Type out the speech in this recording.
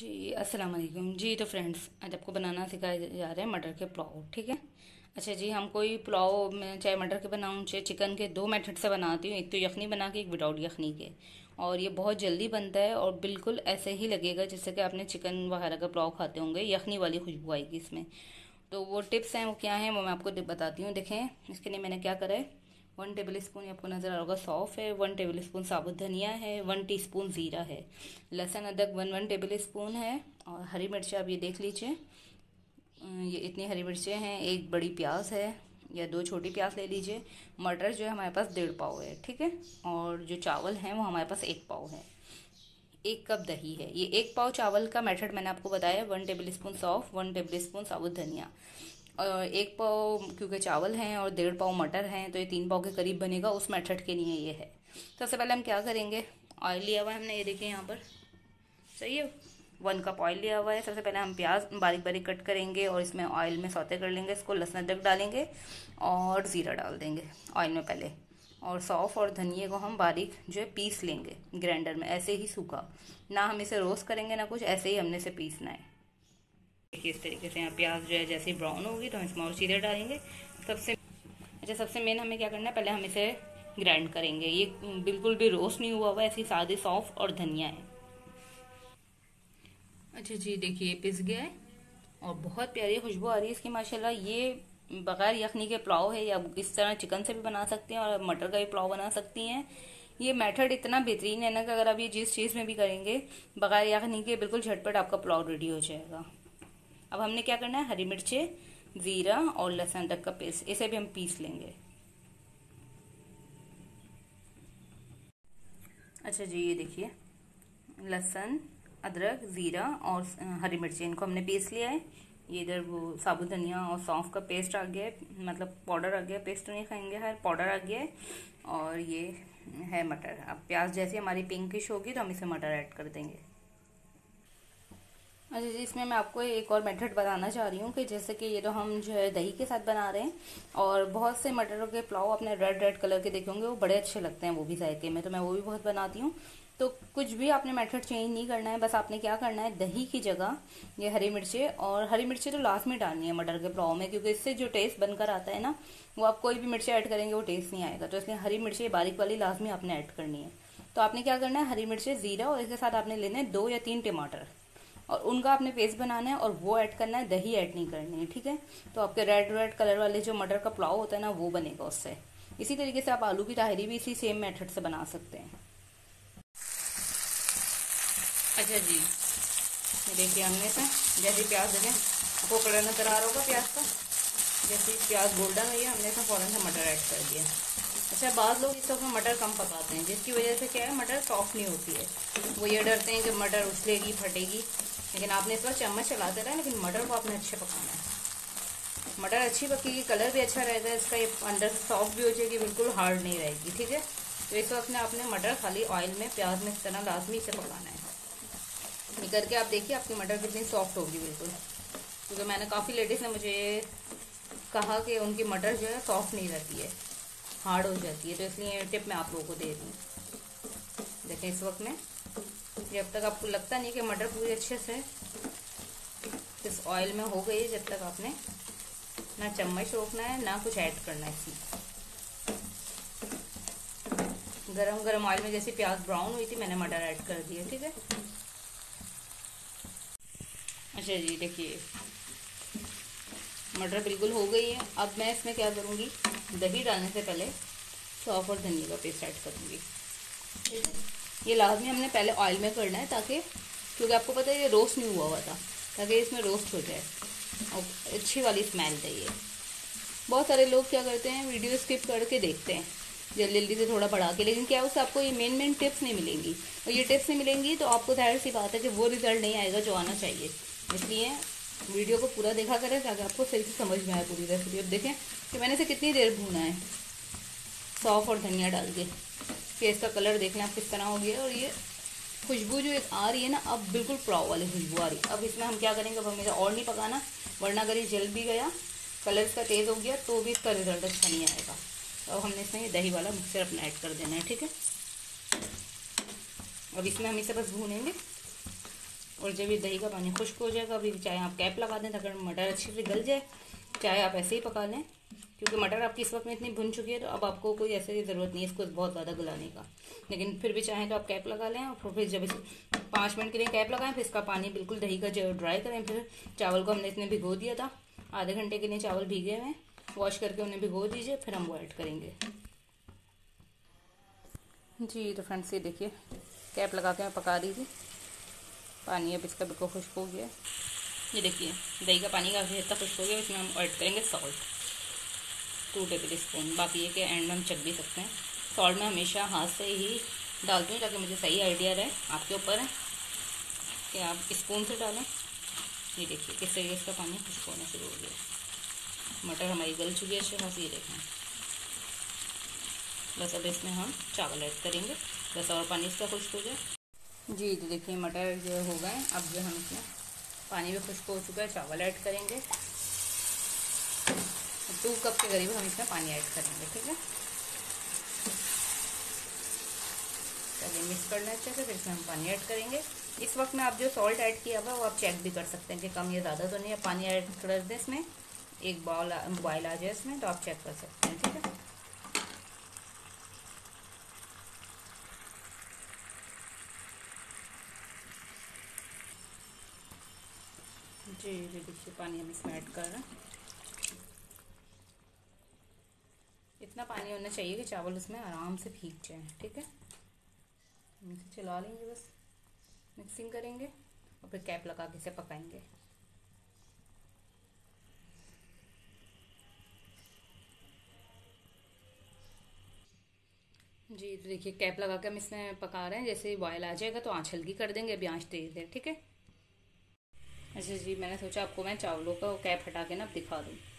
जी अस्सलाम वालेकुम जी तो फ्रेंड्स आज आपको बनाना सिखाया जा रहा है मटर के पुलाव ठीक है अच्छा जी हम कोई पुलाव में चाहे मटर के बनाऊँ चाहे चिकन के दो मेथड से बनाती हूँ एक तो यखनी बना के एक विदाउट यखनी के और ये बहुत जल्दी बनता है और बिल्कुल ऐसे ही लगेगा जैसे कि आपने चिकन वगैरह का पुलाव खाते होंगे यखनी वाली खुशबू आएगी इसमें तो वो टिप्स हैं वो क्या हैं वो मैं आपको बताती हूँ देखें इसके लिए मैंने क्या करा है वन टेबल स्पून आपको नज़र आ रहा होगा सौफ है वन टेबल स्पून साबुत धनिया है वन टी स्पून ज़ीरा है लहसुन अदरक वन वन टेबल स्पून है और हरी मिर्चें आप ये देख लीजिए ये इतनी हरी मिर्चें हैं एक बड़ी प्याज है या दो छोटी प्याज ले लीजिए मटर जो है हमारे पास डेढ़ पाव है ठीक है और जो चावल हैं वो हमारे पास एक पाव है एक कप दही है ये एक पाव चावल का मेथड मैंने आपको बताया वन टेबल स्पून सौफ वन टेबल स्पून साबुत धनिया और एक पाव क्योंकि चावल हैं और डेढ़ पाव मटर हैं तो ये तीन पाव के करीब बनेगा उस मेथड के लिए ये है तो सबसे पहले हम क्या करेंगे ऑयल लिया हुआ है हमने ये देखिए यहाँ पर सही है वन कप ऑयल लिया हुआ है सबसे पहले हम प्याज बारीक बारीक कट करेंगे और इसमें ऑयल में सौते कर लेंगे इसको लहसुन अदरक डालेंगे और ज़ीरा डाल देंगे ऑयल में पहले और सौफ और धनिए को हम बारीक जो है पीस लेंगे ग्राइंडर में ऐसे ही सूखा ना हम इसे रोस्ट करेंगे ना कुछ ऐसे ही हमने इसे पीसना है इस तरीके से यहाँ प्याज जो है जैसे ब्राउन होगी तो हम इसमें और चीज़ें डालेंगे सबसे अच्छा सबसे मेन हमें क्या करना है पहले हम इसे ग्राइंड करेंगे ये बिल्कुल भी रोस्ट नहीं हुआ हुआ ऐसी सादे सौंफ और धनिया है अच्छा जी देखिए पिस गया है और बहुत प्यारी खुशबू आ रही है इसकी माशाल्लाह ये बग़ैर यखनी के पुलाव है या इस तरह चिकन से भी बना सकते हैं और मटर का भी पुलाव बना सकती हैं ये मेथड इतना बेहतरीन है ना कि अगर आप ये जिस चीज़ में भी करेंगे बग़ैर यखनी के बिल्कुल झटपट आपका पुलाव रेडी हो जाएगा अब हमने क्या करना है हरी मिर्चें जीरा और लहसुन अदरक का पेस्ट इसे भी हम पीस लेंगे अच्छा जी ये देखिए लहसुन अदरक ज़ीरा और हरी मिर्ची इनको हमने पीस लिया है ये इधर वो साबुत धनिया और सौंफ का पेस्ट आ गया है मतलब पाउडर आ गया पेस्ट तो नहीं खाएंगे हर पाउडर आ गया है और ये है मटर अब प्याज जैसी हमारी पिंकिश होगी तो हम इसे मटर ऐड कर देंगे अच्छा जी इसमें मैं आपको एक और मेथड बताना चाह रही हूँ कि जैसे कि ये तो हम जो है दही के साथ बना रहे हैं और बहुत से मटरों के पुलाव अपने रेड रेड कलर के देखे होंगे वो बड़े अच्छे लगते हैं वो भी जायके में तो मैं वो भी बहुत बनाती हूँ तो कुछ भी आपने मेथड चेंज नहीं करना है बस आपने क्या करना है दही की जगह ये हरी मिर्चें और हरी मिर्चें तो लास्ट में डालनी है मटर के पुलाव में क्योंकि इससे जो टेस्ट बनकर आता है ना वो आप कोई भी मिर्ची ऐड करेंगे वो टेस्ट नहीं आएगा तो इसलिए हरी मिर्चें बारीक वाली लास्ट में आपने ऐड करनी है तो आपने क्या करना है हरी मिर्चें जीरा और इसके साथ आपने लेना है दो या तीन टमाटर और उनका आपने पेस्ट बनाना है और वो ऐड करना है दही ऐड नहीं करनी है ठीक है तो आपके रेड रेड कलर वाले जो मटर का पुलाव होता है ना वो बनेगा उससे इसी तरीके से आप आलू की ताहरी भी इसी सेम मेथड से बना सकते हैं अच्छा जी देखिए हमने से जैसे प्याज देखें आपको कड़ा नजर आ रहा होगा प्याज का जैसे प्याज गोल्डन हुई है हमने से फ़ौरन से मटर ऐड कर दिया अच्छा बाद लोग इस में मटर कम पकाते हैं जिसकी वजह से क्या है मटर सॉफ्ट नहीं होती है वो ये डरते हैं कि मटर उछलेगी फटेगी लेकिन आपने इस बार चम्मच चलाते रहे लेकिन मटर को आपने अच्छे पकाना है मटर अच्छी पकेगी कलर भी अच्छा रहेगा इसका ये अंदर सॉफ्ट भी हो जाएगी बिल्कुल हार्ड नहीं रहेगी ठीक है तो इस वक्त में आपने मटर खाली ऑयल में प्याज में इस तरह लाजमी इसे पकाना है निकल के आप देखिए आपकी मटर कितनी सॉफ्ट होगी बिल्कुल क्योंकि मैंने काफ़ी लेडीज़ ने मुझे कहा कि उनकी मटर जो है सॉफ्ट नहीं रहती है हार्ड हो जाती है तो इसलिए टिप मैं आप लोगों को दे रही हूँ देखें इस वक्त में जब तक आपको लगता नहीं कि मटर पूरी अच्छे से इस ऑयल में हो गई है जब तक आपने ना चम्मच रोकना है ना कुछ ऐड करना है इसमें गरम गरम ऑयल में जैसे प्याज ब्राउन हुई थी मैंने मटर ऐड कर दिया ठीक है अच्छा जी देखिए मटर बिल्कुल हो गई है अब मैं इसमें क्या करूँगी दही डालने से पहले सौफ और धनिया का पेस्ट ऐड करूँगी ये लास्ट भी हमने पहले ऑयल में करना है ताकि क्योंकि आपको पता है ये रोस्ट नहीं हुआ हुआ था ताकि इसमें रोस्ट हो जाए और अच्छी वाली स्मेल चाहिए बहुत सारे लोग क्या करते हैं वीडियो स्किप करके देखते हैं जल्दी जल्दी से थोड़ा बढ़ा के लेकिन क्या उससे आपको ये मेन मेन टिप्स नहीं मिलेंगी और ये टिप्स नहीं मिलेंगी तो आपको जाहिर सी बात है कि वो रिजल्ट नहीं आएगा जो आना चाहिए इसलिए वीडियो को पूरा देखा करें ताकि आपको सही से समझ में आए पूरी रेसिपी अब देखें कि मैंने इसे कितनी देर भूना है सौंफ और धनिया डाल के कि इसका कलर देखना आप किस तरह हो गया और ये खुशबू जो एक आ रही है ना अब बिल्कुल प्राव वाली खुशबू आ रही है अब इसमें हम क्या करेंगे अब हमें और नहीं पकाना वरना अगर ये जल भी गया कलर इसका तेज़ हो गया तो भी इसका रिजल्ट अच्छा नहीं आएगा तो अब हमने इसमें ये दही वाला मिक्सर अपना ऐड कर देना है ठीक है अब इसमें हम इसे बस भूनेंगे और जब ये दही का पानी खुश्क हो जाएगा अभी चाहे आप कैप लगा दें अगर मटर अच्छे से गल जाए चाहे आप ऐसे ही पका लें क्योंकि मटर आपकी इस वक्त में इतनी भुन चुकी है तो अब आपको कोई ऐसे ज़रूरत नहीं है इसको बहुत ज़्यादा गलाने का लेकिन फिर भी चाहें तो आप कैप लगा लें और फिर जब इस पाँच मिनट के लिए कैप लगाएं फिर इसका पानी बिल्कुल दही का जो ड्राई करें फिर चावल को हमने इतने भिगो दिया था आधे घंटे के लिए चावल भीगे हुए हैं वॉश करके उन्हें भिगो दीजिए फिर हम वो ऐड करेंगे जी तो फ्रेंड्स ये देखिए कैप लगा के पका दीजिए पानी अब इसका बिल्कुल खुश्क हो गया ये देखिए दही का पानी काफ़ी इतना खुश्क हो गया इसमें हम ऐड करेंगे सॉल्ट टू टेबल स्पून बाकी ये के एंड में हम चख भी सकते हैं सॉल्ट में हमेशा हाथ से ही डालती हूँ ताकि मुझे सही आइडिया रहे आपके ऊपर है कि आप स्पून से डालें ये देखिए किस तरीके इसका पानी खुश्क होना शुरू हो गया मटर हमारी गल चुकी है अच्छे खास ये देखें बस अब इसमें हम चावल ऐड करेंगे बस और पानी इसका खुश्क हो जाए जी तो देखिए मटर जो हो गए अब जो हम इसमें पानी भी खुश्क हो चुका है चावल ऐड करेंगे टू तो कप के करीब हम इसमें पानी ऐड करेंगे ठीक है चलिए मिक्स कर लें अच्छे से फिर इसमें हम पानी ऐड करेंगे इस वक्त में आप जो सॉल्ट ऐड किया हुआ वो आप चेक भी कर सकते हैं कि कम या ज़्यादा तो नहीं है पानी ऐड कर दें इसमें एक बॉल बॉयल आ जाए इसमें तो आप चेक कर सकते हैं ठीक है जी जी देखिए पानी हम इसमें ऐड कर रहे हैं इतना पानी होना चाहिए कि चावल उसमें आराम से भीग जाए ठीक है इसे चला लेंगे बस मिक्सिंग करेंगे और फिर कैप लगा के इसे पकाएंगे जी तो देखिए कैप लगा के हम इसमें पका रहे हैं जैसे ही बॉयल आ जाएगा तो आँच हल्की कर देंगे अभी आँच तेज है ठीक है अच्छा जी मैंने सोचा आपको मैं चावलों का कैप हटा के ना दिखा दूँ